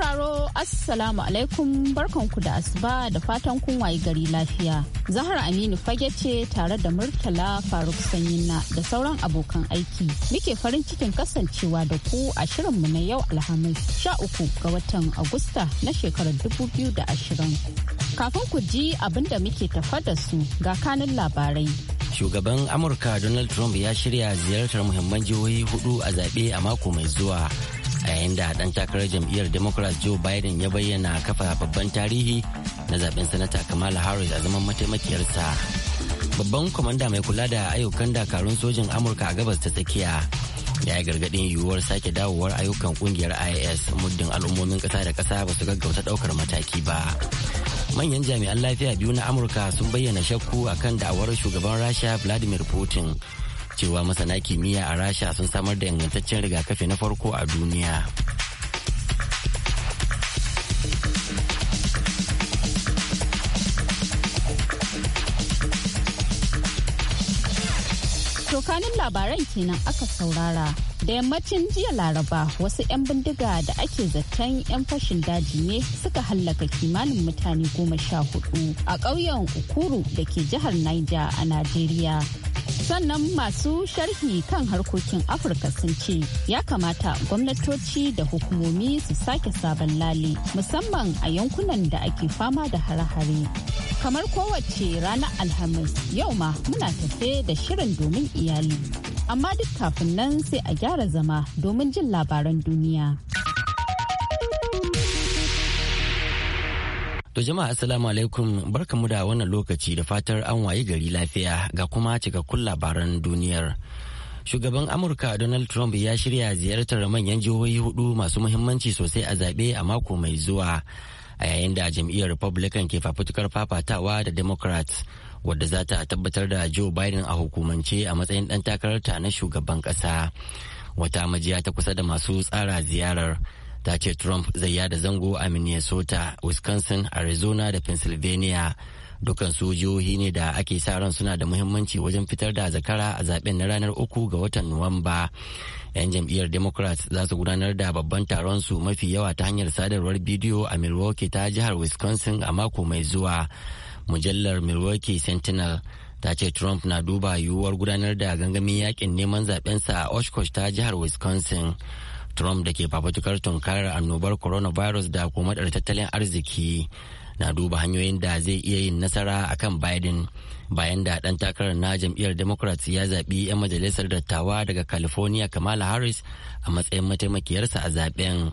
sauraro Assalamu alaikum barkanku da asuba da fatan kun wayi gari lafiya. Zahra Aminu fage ce tare da Murtala Faruk Sanyina da sauran abokan aiki. Muke farin cikin kasancewa da ku a shirinmu na yau Alhamis sha uku ga watan Agusta na shekarar dubu biyu da ashirin. Kafin ku ji abin da muke tafa da su ga kanin labarai. Shugaban Amurka Donald Trump ya shirya ziyartar muhimman jihohi hudu a zaɓe a mako mai zuwa. a yayin da dan takarar jam'iyyar democrat joe biden ya bayyana kafa babban tarihi na zaben sanata kamala harris a zaman mataimakiyarsa babban kwamanda mai kula da ayyukan dakarun sojin amurka a gabas ta tsakiya ya yi gargadin yiwuwar sake dawowar ayyukan kungiyar is muddin al'ummomin kasa da kasa ba su gaggauta daukar mataki ba manyan jami'an lafiya biyu na amurka sun bayyana shakku akan da'awar shugaban rasha vladimir putin cewa masana kimiyya a rasha sun samar da ingantaccen rigakafi na farko a duniya tokanin labaran kenan aka saurara da yammacin jiya laraba wasu 'yan bindiga da ake zaton 'yan fashin daji ne suka hallaka kimanin mutane goma sha hudu a ƙauyen ukuru da ke jihar niger a najeriya sannan masu sharhi kan harkokin afirka sun ce ya kamata gwamnatoci da hukumomi su sake sabon lali musamman a yankunan da ake fama da hare-hare kamar kowace ranar alhamis yau ma muna tafe da shirin domin iyali amma duk kafin nan sai a gyara zama domin jin labaran duniya To jama'a assalamu alaikum barkamu da wannan lokaci da fatar an waye gari lafiya ga kuma cikakkun labaran duniyar. Shugaban Amurka Donald Trump ya shirya ziyartar manyan jihohi hudu masu muhimmanci sosai a zaɓe a mako mai zuwa a yayin da jam'iyyar Republican ke fafutukar fafatawa da Democrats wadda za ta tabbatar da Joe Biden a hukumance a matsayin ɗan takararta na shugaban ƙasa. Wata majiya ta kusa da masu tsara ziyarar. ta ce trump zai yada zango a minnesota wisconsin arizona da pennsylvania dukan su jihohi ne da ake sa ran suna da muhimmanci wajen fitar da zakara a zaben na ranar uku ga watan nuwamba yan jam'iyyar democrats za su gudanar da babban taron su mafi yawa ta hanyar sadarwar bidiyo a milwaukee ta jihar wisconsin a mako mai zuwa mujallar milwaukee sentinel ta ce trump na duba yiwuwar gudanar da gangamin yakin neman zaɓensa a oshkosh ta jihar wisconsin trump da ke fafatukar tunkarar annobar coronavirus da kuma tattalin arziki na duba hanyoyin da zai iya yin nasara a kan Biden bayan da ɗan takarar na jam'iyyar Democrats ya zaɓi 'yan majalisar dattawa daga California Kamala Harris a matsayin mataimakiyarsa a zaben.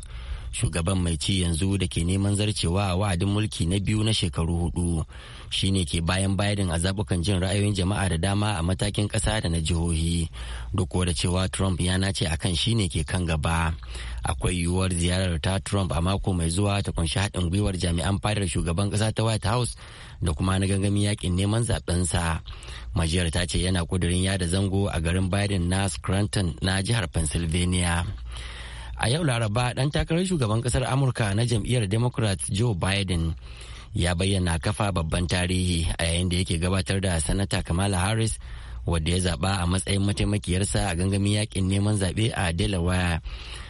shugaban mai ci yanzu da ke neman zarcewa wa'adin mulki na biyu na shekaru hudu shine ke bayan biden a zabukan jin ra'ayoyin jama'a da dama a matakin kasa da na jihohi duk da cewa trump ya nace akan shine ke kan gaba akwai yiwuwar ziyarar ta trump a mako mai zuwa ta kunshi haɗin gwiwar jami'an fadar shugaban kasa ta white house da kuma na gangamin yakin neman sa majiyar ta ce yana ƙudirin yada zango a garin biden na scranton na jihar pennsylvania a yau laraba dan takarar shugaban kasar amurka na jam'iyyar democrat joe biden ya bayyana kafa babban tarihi a yayin da yake gabatar da sanata kamala harris wadda ya zaba a matsayin mataimakiyarsa a gangamin yakin neman zaɓe a delaware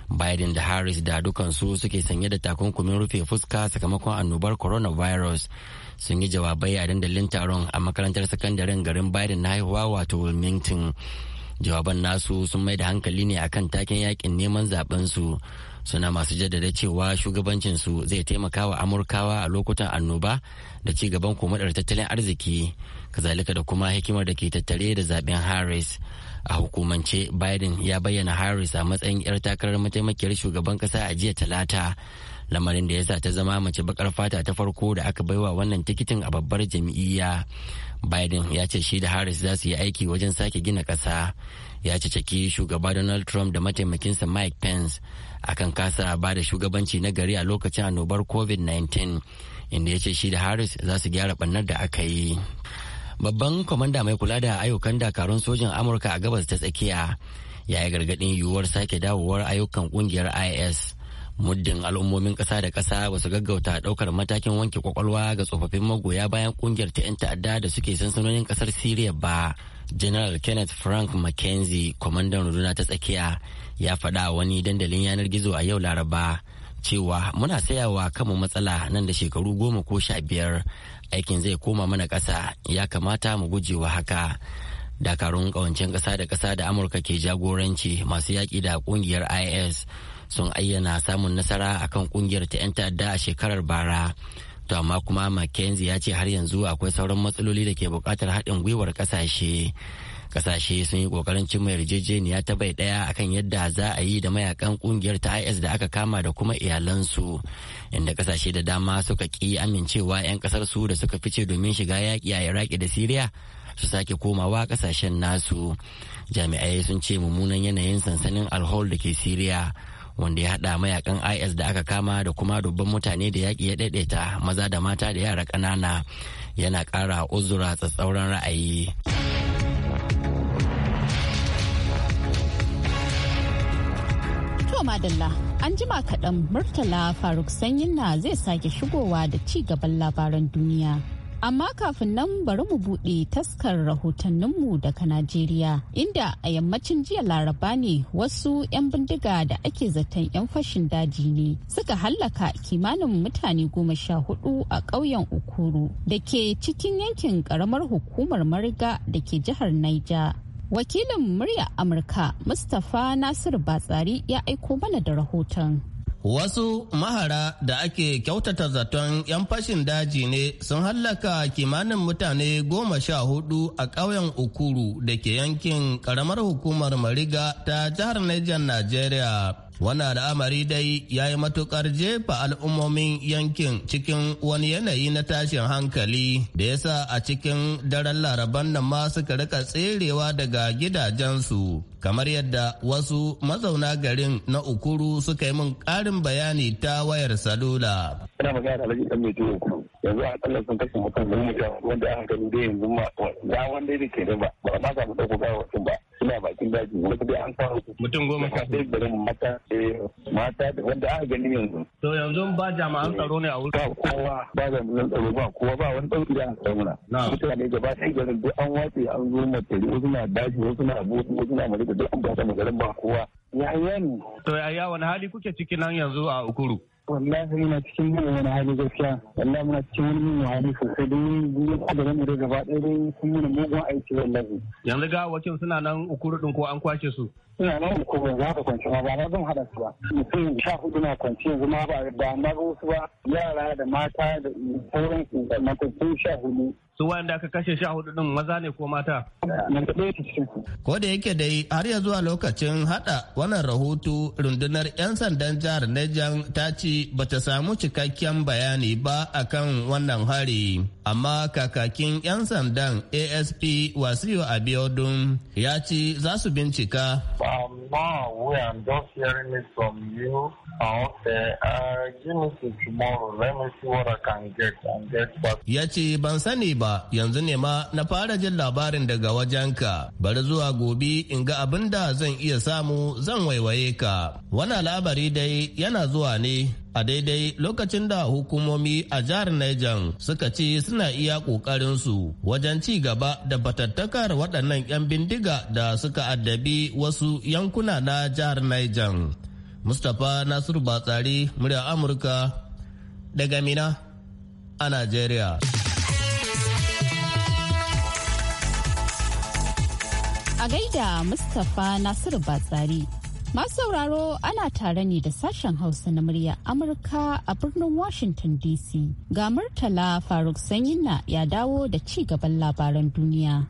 biden da harris da dukansu suke sanye da takunkumin rufe fuska sakamakon annobar coronavirus sun yi jawabai a dandalin taron a makarantar sakandaren garin biden na haihuwa wato wilmington jawaban nasu sun mai da hankali ne akan taken yakin neman zaben su suna masu jaddada cewa shugabancinsu zai taimaka wa amurkawa a lokutan annoba da ci gaban komadar tattalin arziki kazalika da kuma hikimar da ke tattare da zaben harris a hukumance biden ya bayyana harris a matsayin 'yar takarar mataimakiyar shugaban kasa a jiya talata lamarin da ya sa ta zama mace bakar fata ta farko da aka baiwa wannan tikitin a babbar jam'iyya biden ya ce shi da harris za su yi aiki wajen sake gina kasa. ya caceki shugaba donald trump da mataimakinsa mike pence akan kasa ba da shugabanci na gari a lokacin annobar covid-19 inda ya ce shi da harris za su gyara bannar da aka yi babban kwamanda mai kula da ayyukan dakarun sojin amurka a gabas ta tsakiya ya yi gargadin yiwuwar sake dawowar ayyukan kungiyar is muddin al'ummomin ƙasa da ƙasa ba su gaggauta ɗaukar matakin wanke kwakwalwa ga tsofaffin magoya bayan ƙungiyar ta 'yan ta'adda da suke sansanonin ƙasar siriya ba general kenneth frank mckenzie kwamandan runduna ta tsakiya ya faɗa wani dandalin yanar gizo a yau laraba cewa muna sayawa kanmu matsala nan da shekaru goma ko sha biyar aikin zai koma mana ƙasa ya kamata mu guje wa haka dakarun ƙawancen ƙasa da ƙasa da amurka ke jagoranci masu yaƙi da ƙungiyar is sun ayyana samun nasara a kan kungiyar ta 'yan ta'adda a shekarar bara to amma kuma mckenzie ya ce har yanzu akwai sauran matsaloli da ke buƙatar haɗin gwiwar ƙasashe ƙasashe sun yi ƙoƙarin cin cimma yarjejeniya ta bai ɗaya akan yadda za a yi da mayakan ƙungiyar ta is da aka kama da kuma iyalansu inda ƙasashe da dama suka ƙi amincewa 'yan ƙasar su da suka fice domin shiga yaƙi a iraki da siriya su sake komawa ƙasashen nasu jami'ai sun ce mummunan yanayin sansanin alhol da ke siriya wanda ya haɗa mayakan is da aka kama da kuma dubban mutane da yaƙi ya ɗaiɗaita maza da mata da yara ƙanana yana ƙara uzura tsatsauran ra'ayi. To madalla an jima kaɗan Murtala Faruk Sanyin na zai sake shigowa da ci gaban labaran duniya. Amma kafin nan bari mu buɗe taskar rahotanninmu daga Najeriya, inda a yammacin jiya laraba ne wasu 'yan bindiga da ake zaton 'yan fashin daji ne suka hallaka kimanin mutane goma sha hudu a ƙauyen Ukuru da ke cikin yankin ƙaramar hukumar Mariga da ke jihar Niger. Wakilin murya Amurka Mustapha Nasiru Batsari ya aiko mana da rahoton. Wasu mahara da ake kyautata zaton 'yan fashin daji ne sun hallaka kimanin mutane goma sha hudu a ƙauyen Ukuru da ke yankin ƙaramar hukumar Mariga ta jihar Niger, Najeriya. Wannan al'amari dai ya yi matukar jefa al'ummomin yankin cikin wani yanayi na tashin hankali da ya sa a cikin daren laraban nan ma suka rika tserewa daga gidajensu. Kamar yadda wasu mazauna garin na Ukuru suka yi min ƙarin bayani ta wayar salula. Ina magana da Alhaji Dan Mai Ukuru. Yanzu a kallon sun kashe mutum da mutum wanda aka gani da yanzu ma wanda wanda yake da ba ba ma samu ɗauko gawa ba. cikin daji wasu dai an kawo su mutum goma ka sai garin mata eh, mata da wanda aka gani yanzu to yanzu ba jama'an tsaro ne a wurin kowa ba jami'an tsaro ba kowa ba wani dauki da aka muna mutane gaba sai garin duk an wace an zo matari wasu na daji wasu na abu wasu na marika duk an ba ta garin ba kowa ya yi ne to yaya wani hali kuke ciki nan yanzu a ukuru wallahi muna cikin yin wani hali gaskiya wallahi muna cikin wani yin hali sosai don yin kudurin mu dai gaba ɗaya dai sun yi mugun aiki wallahi yanzu ga wakil suna nan ukuru ɗin ko an kwashe su ina nan ko ban za ka kwanci ma ba na zan hada su ba mutum sha hudu na kwanci yanzu ma ba da ma wasu ba yara da mata da sauran su da kwanci sha hudu su wanda aka kashe sha hudu din maza ne ko mata ko da yake dai har ya zuwa lokacin hada wannan rahoto rundunar yan sandan jihar Niger ta ce bata samu cikakken bayani ba akan wannan hari amma kakakin 'yan sandan asp wasiyo abiodun ya ce za su bincika um, uh, uh, ya ce ban sani ba yanzu ne ma na fara jin labarin daga wajenka bari zuwa gobe in ga abin da zan iya samu zan waiwaye ka wani labari dai yana zuwa ne a daidai lokacin da hukumomi a jihar Niger suka ce suna iya su wajen ci gaba da batattakar waɗannan 'yan bindiga da suka addabi wasu yankuna na jihar Niger. Mustapha Nasiru Batsari, murya Amurka, daga Mina a Najeriya. A gaida Mustapha Nasiru Batsari. Masu sauraro ana tare ne da sashen Hausa na murya Amurka a birnin Washington DC. Ga Murtala Faruk Sanyina ya dawo da ci gaban labaran duniya.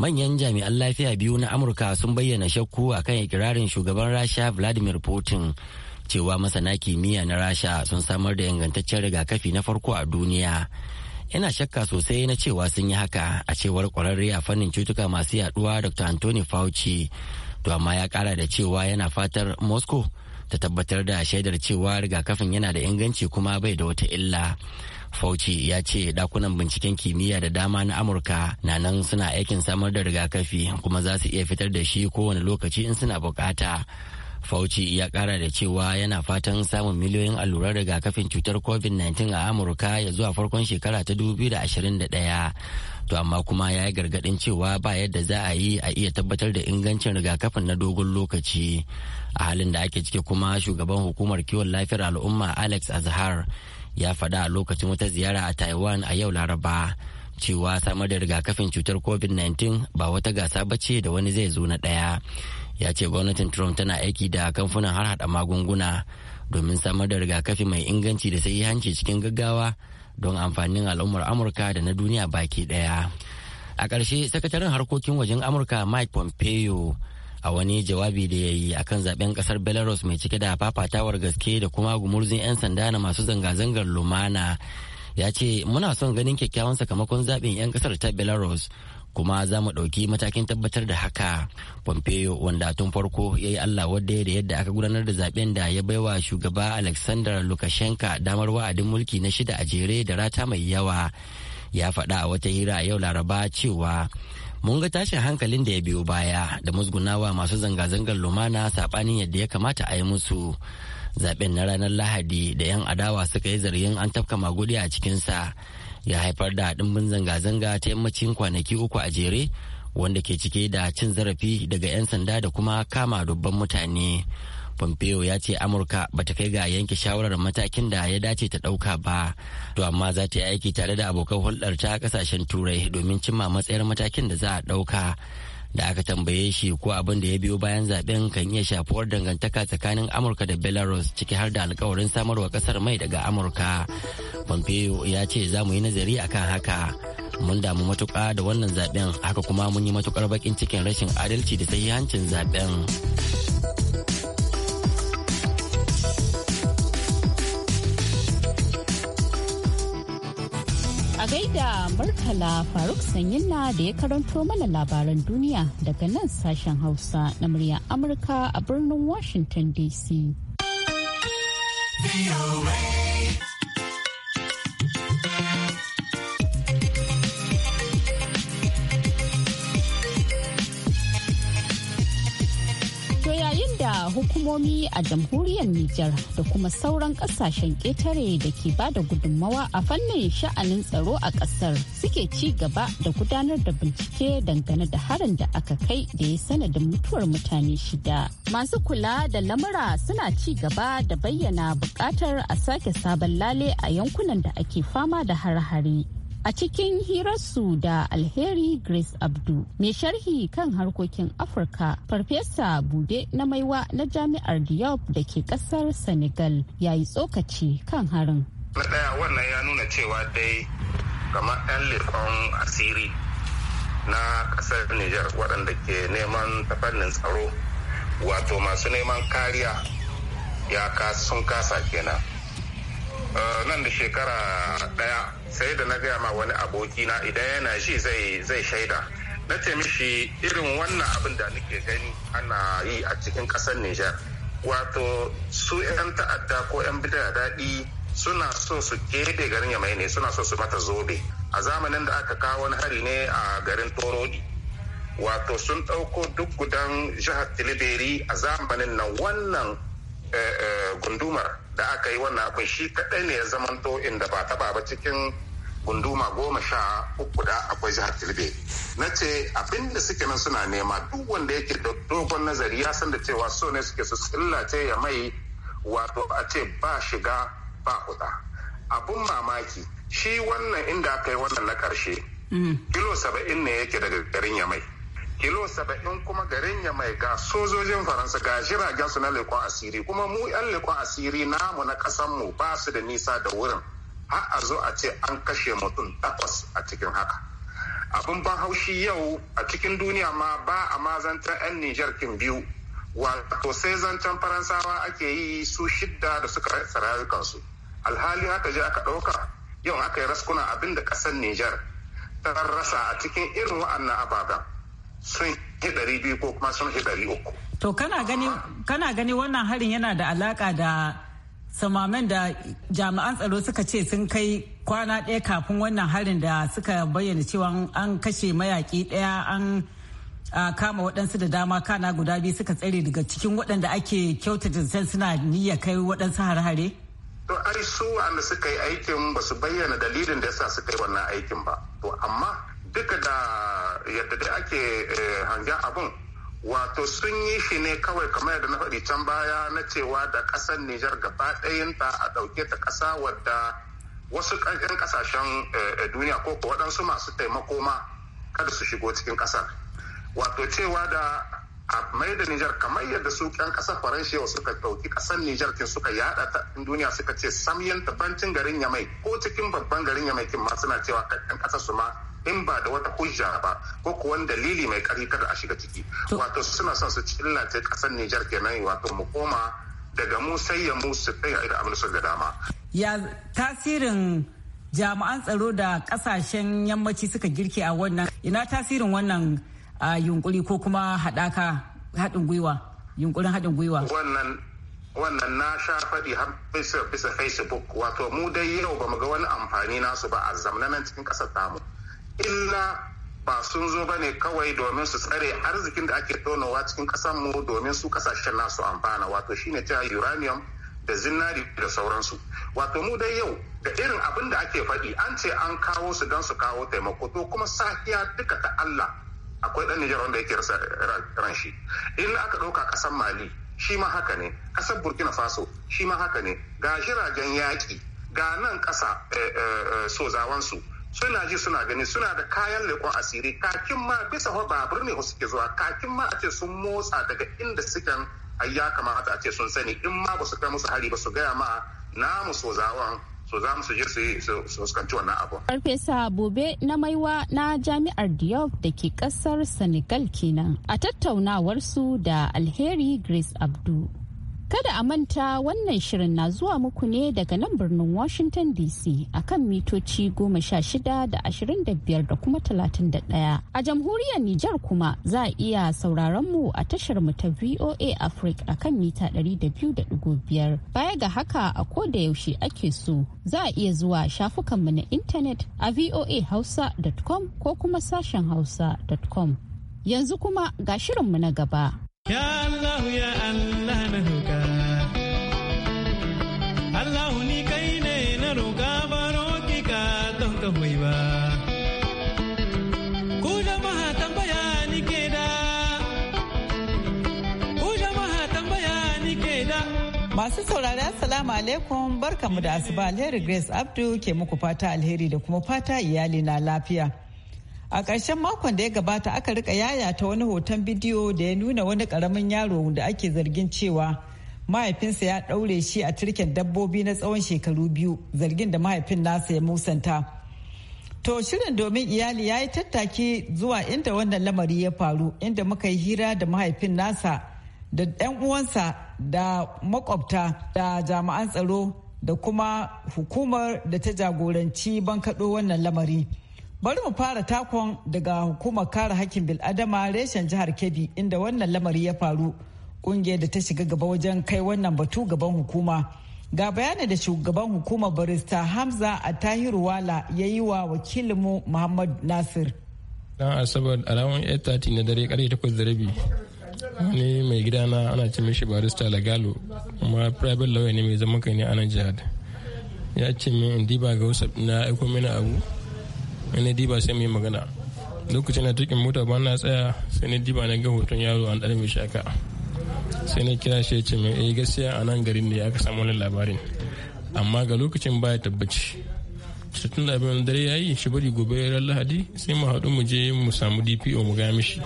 Manyan jami'an lafiya biyu na Amurka sun bayyana shakku a kan ikirarin shugaban Rasha Vladimir Putin cewa masana kimiyya na Rasha sun samar da ingantaccen rigakafi na farko a duniya. Yana shakka sosai na cewa sun yi haka a cewar kwararre a fannin cutuka masu yaduwa dr anthony fauci to amma ya kara da cewa yana fatar moscow ta tabbatar da shaidar cewa rigakafin yana da inganci kuma bai da wata illa fauci ya ce dakunan binciken kimiyya da dama na amurka na nan suna aikin samar da rigakafi kuma za su iya fitar da shi kowane lokaci in suna bukata fauci ya kara da cewa yana fatan samun miliyoyin allurar rigakafin cutar covid-19 a amurka ya zuwa farkon shekara ta 2021 to amma kuma ya yi gargadin cewa ba yadda za a yi a iya tabbatar da ingancin rigakafin na dogon lokaci a halin da ake ciki kuma shugaban hukumar kiwon lafiyar al'umma alex azhar ya faɗa a lokacin wata ziyara a taiwan a yau laraba cewa samar da rigakafin cutar covid-19 ba wata gasa ba ce da wani zai zo na ɗaya ya ce gwamnatin trump tana aiki da kamfanin har hada magunguna domin samar da rigakafi mai inganci da sai hanci cikin gaggawa don amfanin al'ummar amurka da na duniya baki ɗaya a ƙarshe sakataren harkokin wajen amurka mike pompeo a wani jawabi da ya yi akan zaben kasar belarus mai cike da fafatawar gaske da kuma gumurzin 'yan sanda na masu zanga-zangar lumana ya ce muna son ganin kyakkyawan sakamakon zaɓin 'yan ƙasar ta belarus kuma za mu ɗauki matakin tabbatar da haka pompeo wanda tun farko ya yi allah wadda da yadda aka gudanar da zaben da ya baiwa shugaba alexander lukashenka damar wa'adin mulki na shida a jere da rata mai yawa ya faɗa a wata hira yau laraba cewa mun ga tashin hankalin da ya biyo baya da musgunawa masu zanga-zangar lumana saɓanin yadda ya kamata a yi musu zaben na ranar lahadi da 'yan adawa suka yi zargin an tafka magudi a cikinsa ya haifar da ɗimbin zanga-zanga ta yammacin kwanaki uku a jere wanda ke cike da cin zarafi daga 'yan sanda da kuma kama dubban mutane pompeo ya ce amurka ba ta kai ga yanke shawarar matakin da ya dace ta ɗauka ba to amma za ta yi aiki tare da abokan hulɗar ta kasashen turai domin cimma matsayar matakin da za a ɗauka da aka tambaye shi ko abin da ya biyo bayan zaben kan iya shafuwar dangantaka tsakanin amurka da belarus ciki har da alkawarin samarwa kasar mai daga amurka pompeo ya ce za mu yi nazari akan haka mun damu matuƙa da wannan zaben haka kuma mun yi matuƙar bakin cikin rashin adalci da sahihancin zaben A gaida Murtala Faruk Sanyinna da ya karanto mana labaran duniya daga nan sashen Hausa na muryar Amurka a birnin Washington DC. hukumomi a jamhuriyar Nijar da kuma sauran kasashen ƙetare da ke ba da gudunmawa a fannin sha'anin tsaro a ƙasar suke ci gaba da gudanar da bincike dangane da harin da aka kai da ya sanadin mutuwar mutane shida. Masu kula da lamura suna ci gaba da bayyana buƙatar a sake sabon lale a yankunan da ake fama da har-hari. A cikin hirarsu da Alheri Grace Abdu, mai sharhi kan harkokin Afirka, Farfesa Bude na Maiwa na Jami'ar Diop da ke kasar Senegal ya yi tsokaci kan harin. Na daya wannan ya nuna cewa dai kamar 'yan lefon asiri na kasar niger waɗanda ke neman tafannin tsaro wato masu neman kariya ya sun kasa kenan. Eh, nan da shekara ɗaya sai da na gaya ma wani abokina idan yana shi zai shaida na ce mishi irin wannan abin da nake gani ana yi a cikin ƙasar Nijar. Wato su 'yan ta'adda ko 'yan bid'a daɗi suna so su keɓe garin ya ne suna so su mata zobe. A zamanin da aka kawo wani hari ne a garin Torodi. Wato sun ɗauko duk gudan jihar Tilibiri a zamanin nan wannan eh, eh, gundumar da aka yi wannan abin shi kadai ne ya zamanto inda ba taba ba cikin gunduma goma sha uku da akwai jihar tilbe na ce abin da suke nan suna nema duk wanda yake da dogon nazari ya san da cewa so ne suke su tsillace ya mai wato a ce ba shiga ba kuɗa abun mamaki shi wannan inda aka yi wannan na ƙarshe. Mm. kilo saba'in ne yake daga garin ya mai kilo saba'in kuma garin ya mai ga sojojin faransa ga jiragen su na lekon asiri kuma mu yan lekon asiri namu na kasan mu ba su da nisa da wurin har a zo a ce an kashe mutum takwas a cikin haka abin ban haushi yau a cikin duniya ma ba a mazantar yan nijar kin biyu wato sai zancen faransawa ake yi su shidda da suka rasa kansu alhali haka je aka ɗauka yau aka yi raskuna abin da ƙasar nijar ta rasa a cikin irin wa'annan ababen sun yi ɗari biyu ko kuma sun yi ɗari uku. To kana gani wannan harin yana da alaka da samamen da jami'an tsaro suka ce sun kai kwana ɗaya kafin wannan harin da suka bayyana cewa an kashe mayaki ɗaya an kama waɗansu da dama kana guda biyu suka tsare daga cikin waɗanda ake kyautata da suna niyya kai waɗansu har hare To ai su wanda suka yi aikin ba su bayyana dalilin da yasa suka yi wannan aikin ba. To amma duka da yadda dai ake eh, hangen abun wato sun yi shi ne kawai kamar yadda na faɗi can baya na cewa da ƙasar nijar gaba a ɗauke ta ƙasa wadda wasu ƙarƙin ƙasashen eh, eh, duniya ko ko waɗansu masu taimako ma kada su shigo cikin ƙasar wato cewa da a mai da nijar kamar yadda su ƙyan ƙasar faransa suka ɗauki ƙasar nijar kin suka yaɗa ta duniya suka ce samyanta bancin garin yamai ko cikin babban garin yamai kin ma suna cewa ƙarƙin ƙasar su ma in ba da wata hujja ba ko kuwan dalili mai ƙarfi kada a shiga ciki wato suna son su cillace ƙasar Nijar kenan wato mu koma daga mu sai ya mu su kai a abin su da dama ya tasirin jami'an tsaro da kasashen yammaci suka girke a wannan ina tasirin wannan yunkuri ko kuma haɗaka haɗin gwiwa yunkurin haɗin gwiwa wannan wannan na sha faɗi har bisa facebook wato mu dai yau ba mu ga wani amfani nasu ba a zamanin cikin ƙasar tamu illa ba sun zo ba ne kawai domin su tsare arzikin da ake tonowa cikin mu domin su kasashen nasu amfana wato shine cewa uranium da zinari da sauransu wato mu dai yau da irin abin da ake faɗi an ce an kawo su don su kawo taimako to kuma safiya duka ta Allah akwai ɗan Nijar wanda yake rasa ran shi in aka ɗauka ƙasar Mali shi ma haka ne ƙasar Burkina Faso shi ma haka ne ga jiragen yaƙi ga nan ƙasa eh, eh, eh, sozawansu suna ji suna gani suna da kayan leƙon asiri kakin ma bisa babur ne suke zuwa kakin ma a ce sun motsa daga inda sukan ya kamata a ce sun sani in ma ba su kai musu hari ba su gaya ma namu mu so za mu su je su fuskanci wannan abu. Farfesa Bobe na maiwa na jami'ar Diop da ke kasar Senegal kenan a tattaunawar su da Alheri Grace Abdu. Kada a manta wannan shirin na zuwa muku ne daga nan birnin Washington DC akan mitoci goma sha shida da ashirin da biyar da kuma talatin da ɗaya. A jamhuriyar Nijar kuma za a iya sauraron mu a tashar mu ta VOA Africa akan mita ɗari da biyu da biyar. Baya ga haka a ko da yaushe ake so za a iya zuwa shafukanmu na intanet a voahausa.com ko kuma sashen hausa.com. Yanzu kuma ga shirinmu na gaba. Ya Allah ya Allah na Allah kai ne na roƙa baro kika Masu saurari Assalamu alaikum barkamu da asuba Alheri Grace Abdu ke muku fata alheri da kuma fata iyali na lafiya. A ƙarshen makon da ya gabata aka rika yaya ta wani hoton bidiyo da ya nuna wani ƙaramin yaro da ake zargin cewa mahaifinsa ya ɗaure shi a turken dabbobi na tsawon shekaru biyu zargin da mahaifin nasa ya musanta to shirin domin iyali ya yi tattaki zuwa inda wannan lamari ya faru inda muka yi hira da mahaifin nasa da 'yan uwansa da makwabta da jami'an tsaro da kuma hukumar da ta jagoranci bankaɗo wannan lamari bari mu fara takon daga hukumar kare hakkin bil'adama reshen jihar kebbi inda wannan lamari ya faru kungiyar da ta shiga gaba wajen kai wannan batu gaban hukuma ga bayanin da shugaban hukumar barista hamza a tahiru wala ya yi wa wakilinmu muhammad nasir dan asabar alamun 8:30 na dare karfe 8 da rabi wani mai gidana ana ce mishi barista lagalo kuma private lawyer ne mai zaman kai ne a nan jihar ya ce min in diba ga wasu na aiko mini abu wani diba sai mai magana lokacin na tukin mota ba na tsaya sai na diba na ga hoton yaro an dare mai shaka sai na kira shi ce mai eh gaskiya a nan garin ne aka samu wani labarin amma ga lokacin baya tabbaci tun da abin dare ya yi shi bari gobe ran lahadi sai mu haɗu mu je mu samu dpo mu ga mishi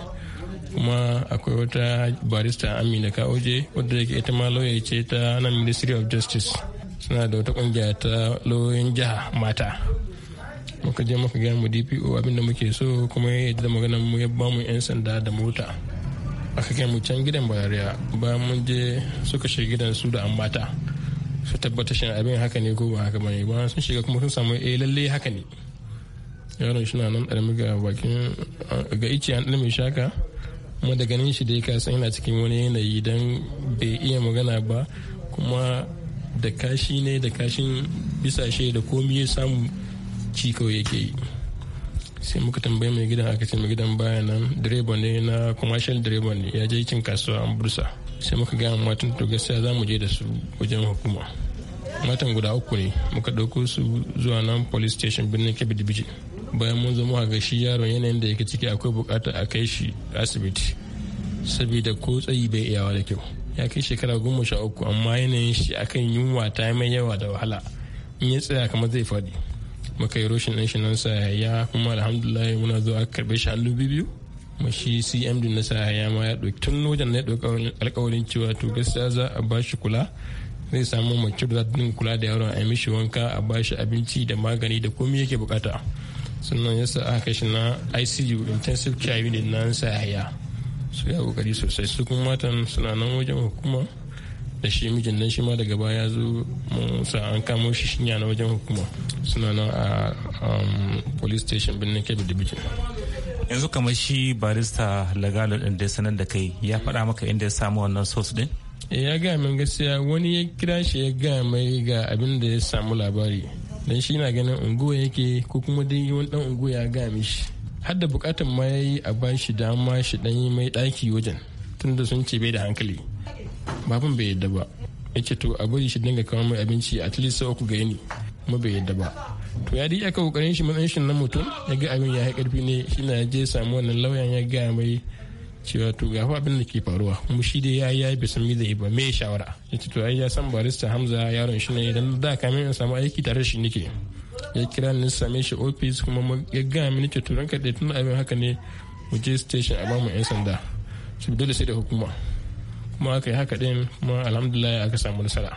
kuma akwai wata barista amina oje wadda yake ita ma lauya ce ta nan ministry of justice suna da wata kungiya ta lauyoyin jiha mata muka je muka gaya mu dpo abinda muke so kuma ya yadda maganar mu ya ba mu yan sanda da mota aka kai mu can gidan barariya bayan mun je suka shiga gidan su da ambata su tabbata shi abin haka ne ko ba haka bane ba sun shiga kuma sun samu eh lalle haka ne yaron shi na nan ɗarmi ga bakin ga ice an dalmi shaka kuma da ganin shi da ya kasan yana cikin wani yanayi dan bai iya magana ba kuma da kashi ne da kashin bisashe da komi ya samu ci yake yi sai muka tambaye mai gidan aka ce mai gidan baya nan direba ne na commercial direba ne ya je cin kasuwa an bursa sai muka gaya matan to gaskiya za mu je da su wajen hukuma matan guda uku ne muka ɗauko su zuwa nan police station birnin kebbi bayan mun zama muka ga shi yaron yanayin da yake ciki akwai bukatar a kai shi asibiti saboda ko tsayi bai iyawa da kyau ya kai shekara goma sha uku amma yanayin shi akan yunwa ta mai yawa da wahala in ya tsaya kamar zai faɗi muka yi roshin ɗan shi nan ya kuma alhamdulillah muna zuwa aka karɓe shi hannu biyu kuma shi cm din na ya ma ya ɗauki tun wajen na ɗauki alƙawarin cewa to gaskiya za a ba shi kula zai samu mace da za ta kula da yaron a mishi wanka a ba shi abinci da magani da komai yake bukata sannan ya sa aka shi na icu intensive care unit na sahaya su ya kokari sosai su kuma matan suna nan wajen hukuma da shi mijin nan shi ma daga baya ya zo sa an kamo shi shinya na wajen hukuma suna nan a um, police station birnin kebe da bijin yanzu kamar shi barista lagalo din da sanar da kai ya faɗa maka inda ya samu wannan source din eh, ya gaya min gaskiya wani ya kira shi ya gaya mai ga abin da ya samu labari dan shi na ganin unguwa yake ko kuma dai wani dan unguwa ya gaya mishi har da bukatan ma ya yi a bashi dama shi dan yi mai daki wajen tunda sun ce bai da hankali baban bai yadda ba yake to a bari shi dinga kawo mai abinci at least sai uku gani kuma bai yadda ba to ya dai aka kokarin shi matsayin shi na mutum ya ga abin ya karfi ne shi na je samu wannan lauyan ya ga mai cewa to ga abin da ke faruwa kuma shi dai ya yi ya bisan mi zai ba me shawara ya ce to ai ya san barista hamza yaron shi ne dan da kamin in samu aiki tare shi nake ya kira ni same shi ofis kuma ya ga mini nake to ranka da tun abin haka ne mu je station a bamu yan sanda su dole sai da hukuma mu aka yi haka din mu alhamdulillah aka samu nasara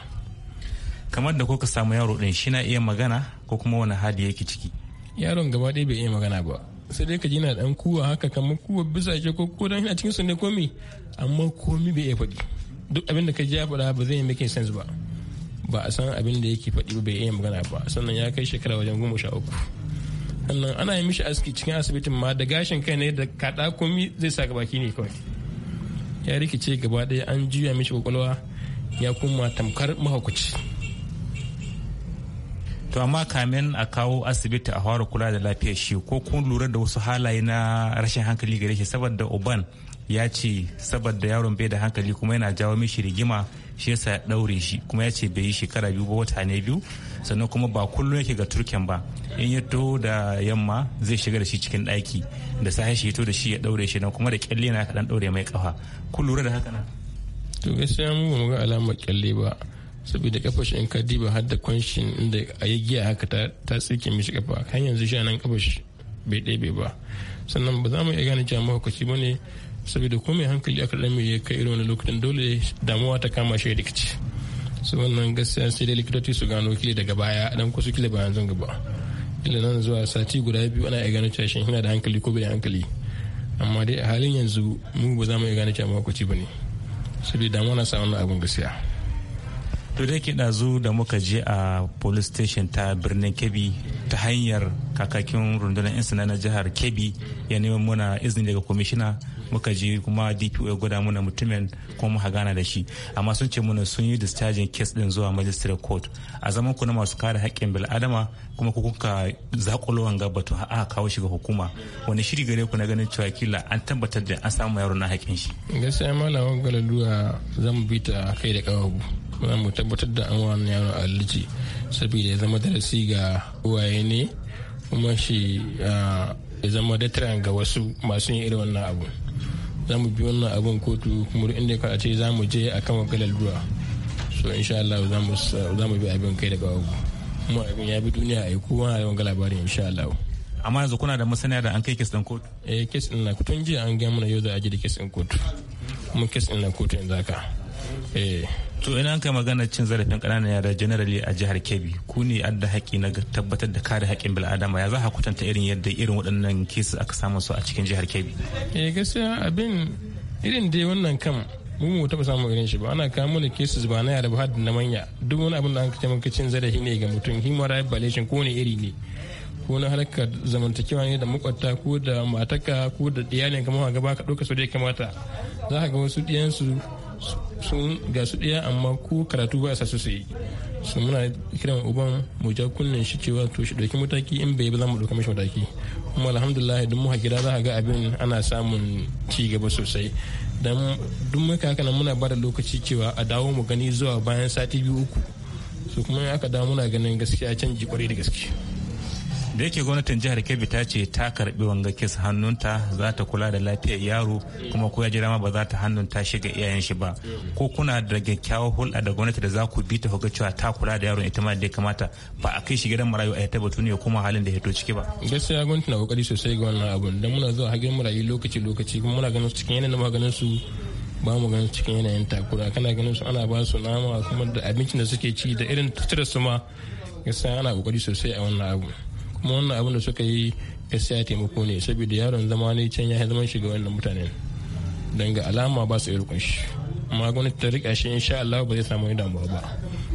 kamar da kuka samu yaro din shi na iya magana ko kuma wani hali yake ciki yaron gaba ɗaya bai iya magana ba sai dai ka ji na dan kuwa haka kamar kuwa bisa ke ko ko dan yana cikin ne komi amma komi bai iya faɗi duk abin da ka ji ya faɗa ba zai yi making sense ba ba a san abin da yake faɗi ba bai iya magana ba sannan ya kai shekara wajen goma sha uku sannan ana yi mishi aski cikin asibitin ma da gashin kai ne da kaɗa komi zai sa baki ne kawai ya rikice gaba ɗaya an juya mishi kwakwalwa ya kuma tamkar mahaukaci to amma kamin a kawo asibiti a fara kula da lafiyar shi ko kun lura da wasu halaye na rashin hankali gare shi saboda oban ya ce saboda yaron bai da hankali kuma yana jawo mishi rigima shi yasa ya daure shi kuma ya ce bai yi shekara biyu ba wata ne biyu sannan kuma ba kullum yake ga turken ba in ya to da yamma zai shiga da shi cikin daki da sahi shi to da shi ya daure shi nan kuma da kyalle na kaɗan daure mai kafa kun lura da haka nan. to gaskiya mu ba mu ga alamar kyalle ba saboda kafa shi in ka diba har da kwanshin inda a yi giya haka ta tsike mishi kafa kan yanzu shi nan kafa shi bai ɗebe ba sannan ba za mu iya gane cewa mahaukaci ba ne saboda ko mai hankali aka dan mai kai irin wani lokacin dole damuwa ta kama shi da kici su wannan gaskiya sai dai likitoci su gano kile daga baya dan kusa kile ba yanzu gaba kila nan zuwa sati guda biyu ana iya gano cewa shi yana da hankali ko bai da hankali amma dai a halin yanzu mu ba za mu iya gano cewa makwaci ba ne saboda damuwa na sa wannan abin gaskiya to dai ke ɗazu da muka je a police station ta birnin kebbi ta hanyar kakakin rundunar insana na jihar kebbi ya neman muna izini daga kwamishina muka je kuma dpo ya gwada muna mutumin kuma muka gana da shi amma sun ce muna sun yi discharging case din zuwa magistrate court a zaman ku na masu kare haƙƙin bil'adama kuma ku kuka zakulowan wanga batu a kawo shi hukuma wani shiri gare ku na ganin cewa kila an tabbatar da an samu yaro na haƙƙin shi gaskiya malamin galaluwa zan bi ta kai da kawabu kuma mu tabbatar da an wani yaro aliji saboda ya zama darasi ga uwaye ne kuma shi ah, ya zama dataran ga wasu masu yin irin wannan abu za mu bi wannan abin kotu kuma duk inda ka ce za mu je a kan wakilar duwa so insha Allah za mu bi abin kai daga wagu kuma abin ya bi duniya a yi kowa a yawan labarin insha Allah amma yanzu kuna da masana da an kai kes din kotu eh kes din na kutun jiya an gaya mana yau za a ji da kes din kotu kuma kes din na kotu yanzu haka eh to ina kai magana cin zarafin ƙananan yara generally a jihar kebbi ku ne adda haƙi na tabbatar da kare haƙƙin bil'adama ya za ka kwatanta irin yadda irin waɗannan kesu aka samu su a cikin jihar kebbi eh gaskiya abin irin dai wannan kam mu mu taɓa samun irin shi ba ana kawo mana kesu ba na yara ba har na manya duk wani abin da an kace maka cin zarafi ne ga mutum human rights violation ko ne iri ne ko na harkar zamantakewa ne da makwabta ko da mataka ko da iyalin kamar ga baka ɗauka su da ya kamata za ka ga wasu diyansu sun ga su ɗaya amma ko karatu ba sa su yi su muna kiran uban mu ja kunnen shi cewa to shi ɗauki mataki in bai ba za mu ɗauka mashi mataki kuma alhamdulillah duk muka gida za ga abin ana samun ci gaba sosai dan duk muka haka nan muna bada lokaci cewa a dawo mu gani zuwa bayan sati biyu uku su kuma aka dawo muna ganin gaskiya canji kwarai da gaske. da yake gwamnatin jihar kebbi ta ce ta karbi wanga kes hannunta za ta kula da lafiyar yaro kuma ko ya ji dama ba za ta hannunta shi ga iyayen shi ba ko kuna da kyakkyawar hulɗa da gwamnati da za ku bi ta ga cewa ta kula da yaron ita ma da ya kamata ba a kai shi gidan marayu a tabbatu ne kuma halin da ya to ciki ba gaskiya gwamnati na kokari sosai ga wannan abun dan muna zuwa hagin marayu lokaci lokaci kuma muna ganin cikin yanayin ganin su ba mu ganin cikin yanayin takura kana ganin su ana ba su nama kuma da abincin da suke ci da irin tattara su ma gaskiya ana kokari sosai a wannan abu kuma wannan abin da suka yi gaskiya taimako ne saboda yaron zama ne can ya zama shiga wannan mutanen don ga alama ba su yi rukun shi amma gwamnati ta rika shi insha Allah ba zai samu wani damuwa ba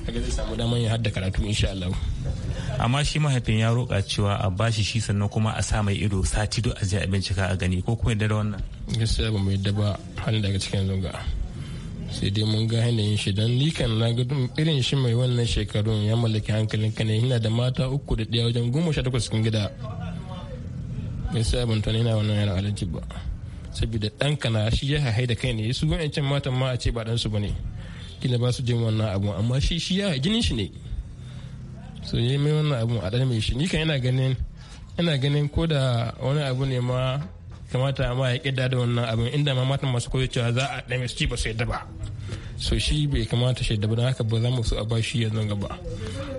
haka zai samu damar ya hadda karatu insha Allah amma shi mahaifin ya roƙa cewa a bashi shi sannan kuma a sa mai ido sati do a je a bincika a gani ko kuma yadda da wannan gaskiya ba mu yadda ba halin daga cikin zunga sai dai mun ga yanayin shi don ni na gudun irin shi mai wannan shekarun ya mallaki hankalin kane yana da mata uku da ɗaya wajen goma sha takwas cikin gida me sai abin tuni yana wannan yana alaji ba saboda ɗan kana shi ya haihai da kai ne su wa'ancan matan ma a ce ba ɗansu ba ne kila ba su jin wannan abu amma shi shi ya jinin shi ne so yi mai wannan abu a ɗan mai shi ni kan yana ganin yana ganin ko da wani abu ne ma kamata ma ya kidda da wannan abin inda ma matan masu koyo cewa za a ɗan ci ba su yadda ba so shi bai kamata shi da haka ba za mu su a ba shi yanzu gaba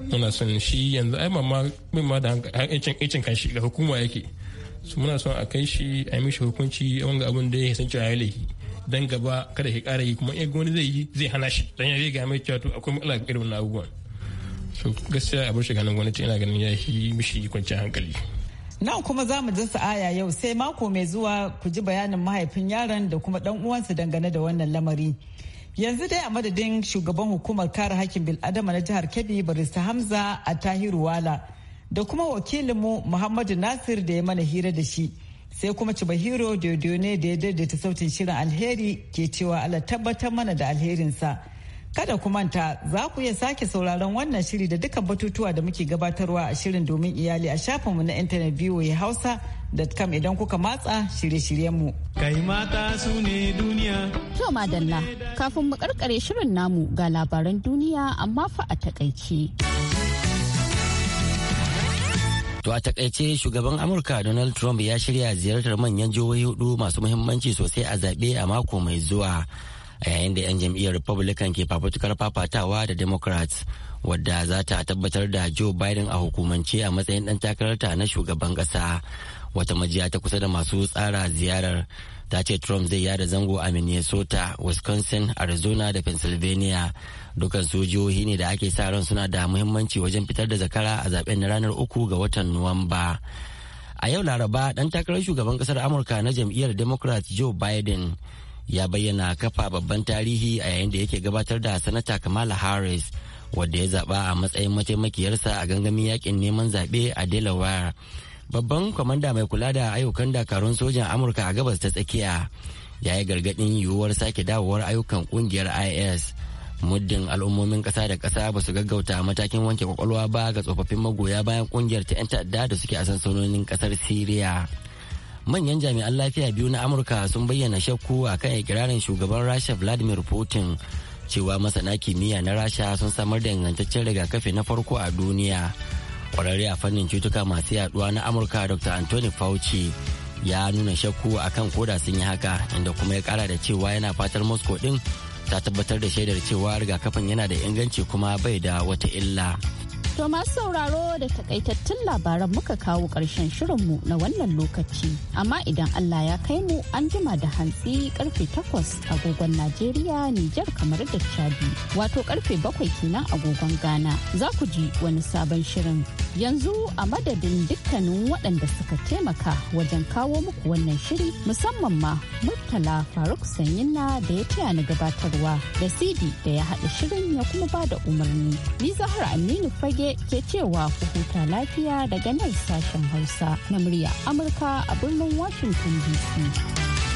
muna son shi yanzu ai mamma min ma da icin kan shi ga hukuma yake su muna son a kai shi a yi mishi hukunci wanga abin da ya san cewa ya laifi dan gaba kada ya kara yi kuma in goni zai yi zai hana shi dan ya zai ga mai cewa to akwai matsala irin wannan abubuwan so gaskiya a bar shi ganin gwamnati ina ganin ya yi mishi kwanciyar hankali Nan kuma za mu dasa aya yau sai mako mai zuwa ku ji bayanin mahaifin yaron da kuma dan uwansa dangane da wannan lamari. Yanzu dai a madadin shugaban hukumar kare hakkin bil'adama na jihar Kebbi barista Hamza a Tahiru Wala da kuma wakilinmu Muhammadu Nasir da ya mana hira da shi. Sai kuma Cibahiro ne da ya daidaita sautin shirin alheri ke cewa Allah tabbatar mana da alherinsa. Kada ku manta za ku iya sake sauraron wannan shiri da dukkan batutuwa da muke gabatarwa a shirin domin iyali a shafinmu na intanet VOA Hausa.com idan kuka matsa shirye-shiryenmu. Kai mata su ne duniya. To madalla kafin mu karkare shirin namu ga labaran duniya amma fa a takaice. To a takaice shugaban Amurka Donald Trump ya shirya ziyartar manyan jihohi hudu masu muhimmanci sosai a zaɓe a mako mai zuwa. a yayin da 'yan jam'iyyar republican ke fafutukar fafatawa da democrats wadda za ta tabbatar da joe biden a hukumance a matsayin dan takararta na shugaban kasa wata majiya ta kusa da masu tsara ziyarar ta ce trump zai yada zango a minnesota wisconsin arizona da pennsylvania dukkan sojoji ne da ake sa ran suna da muhimmanci wajen fitar da zakara a zaben ranar uku ga watan nuwamba a yau laraba dan takarar shugaban kasar amurka na jam'iyyar democrat joe biden ya bayyana kafa babban tarihi a yayin da yake gabatar da sanata kamala harris wadda ya zaba a matsayin mataimakiyarsa a gangamin yakin neman zaɓe a delaware babban kwamanda mai kula da ayyukan dakarun sojan amurka a gabas ta tsakiya ya yi gargaɗin yiwuwar sake dawowar ayyukan kungiyar is muddin al'ummomin ƙasa da ƙasa ba su gaggauta matakin wanke kwakwalwa ba ga tsofaffin magoya bayan kungiyar ta 'yan ta'adda da suke a sansanonin ƙasar syria manyan jami'an lafiya biyu na amurka sun bayyana shakku a kan ikirarin shugaban rasha vladimir putin cewa masana kimiyya na rasha sun samar da ingantaccen rigakafi na farko a duniya kwararre a fannin cutuka masu yaduwa na amurka dr anthony fauci ya nuna shakku akan koda sun yi haka inda kuma ya kara da cewa yana fatar moscow din ta tabbatar da shaidar cewa rigakafin yana da inganci kuma bai da wata illa To masu sauraro da takaitattun labaran muka kawo ƙarshen shirinmu na wannan lokaci. Amma idan Allah ya kai mu an jima da hantsi karfe takwas agogon Najeriya Nijar kamar da Chadi. Wato karfe bakwai kenan agogon Ghana. Za ku ji wani sabon shirin. Yanzu a madadin dukkanin waɗanda suka taimaka wajen kawo muku wannan shiri musamman ma Murtala Faruk Sanyinna da ya taya ni gabatarwa da Sidi da ya haɗa shirin ya kuma ba da umarni. Ni Zahra Aminu Fage ke cewa ku huta lafiya daga nan sashen Hausa na murya Amurka a birnin Washington DC.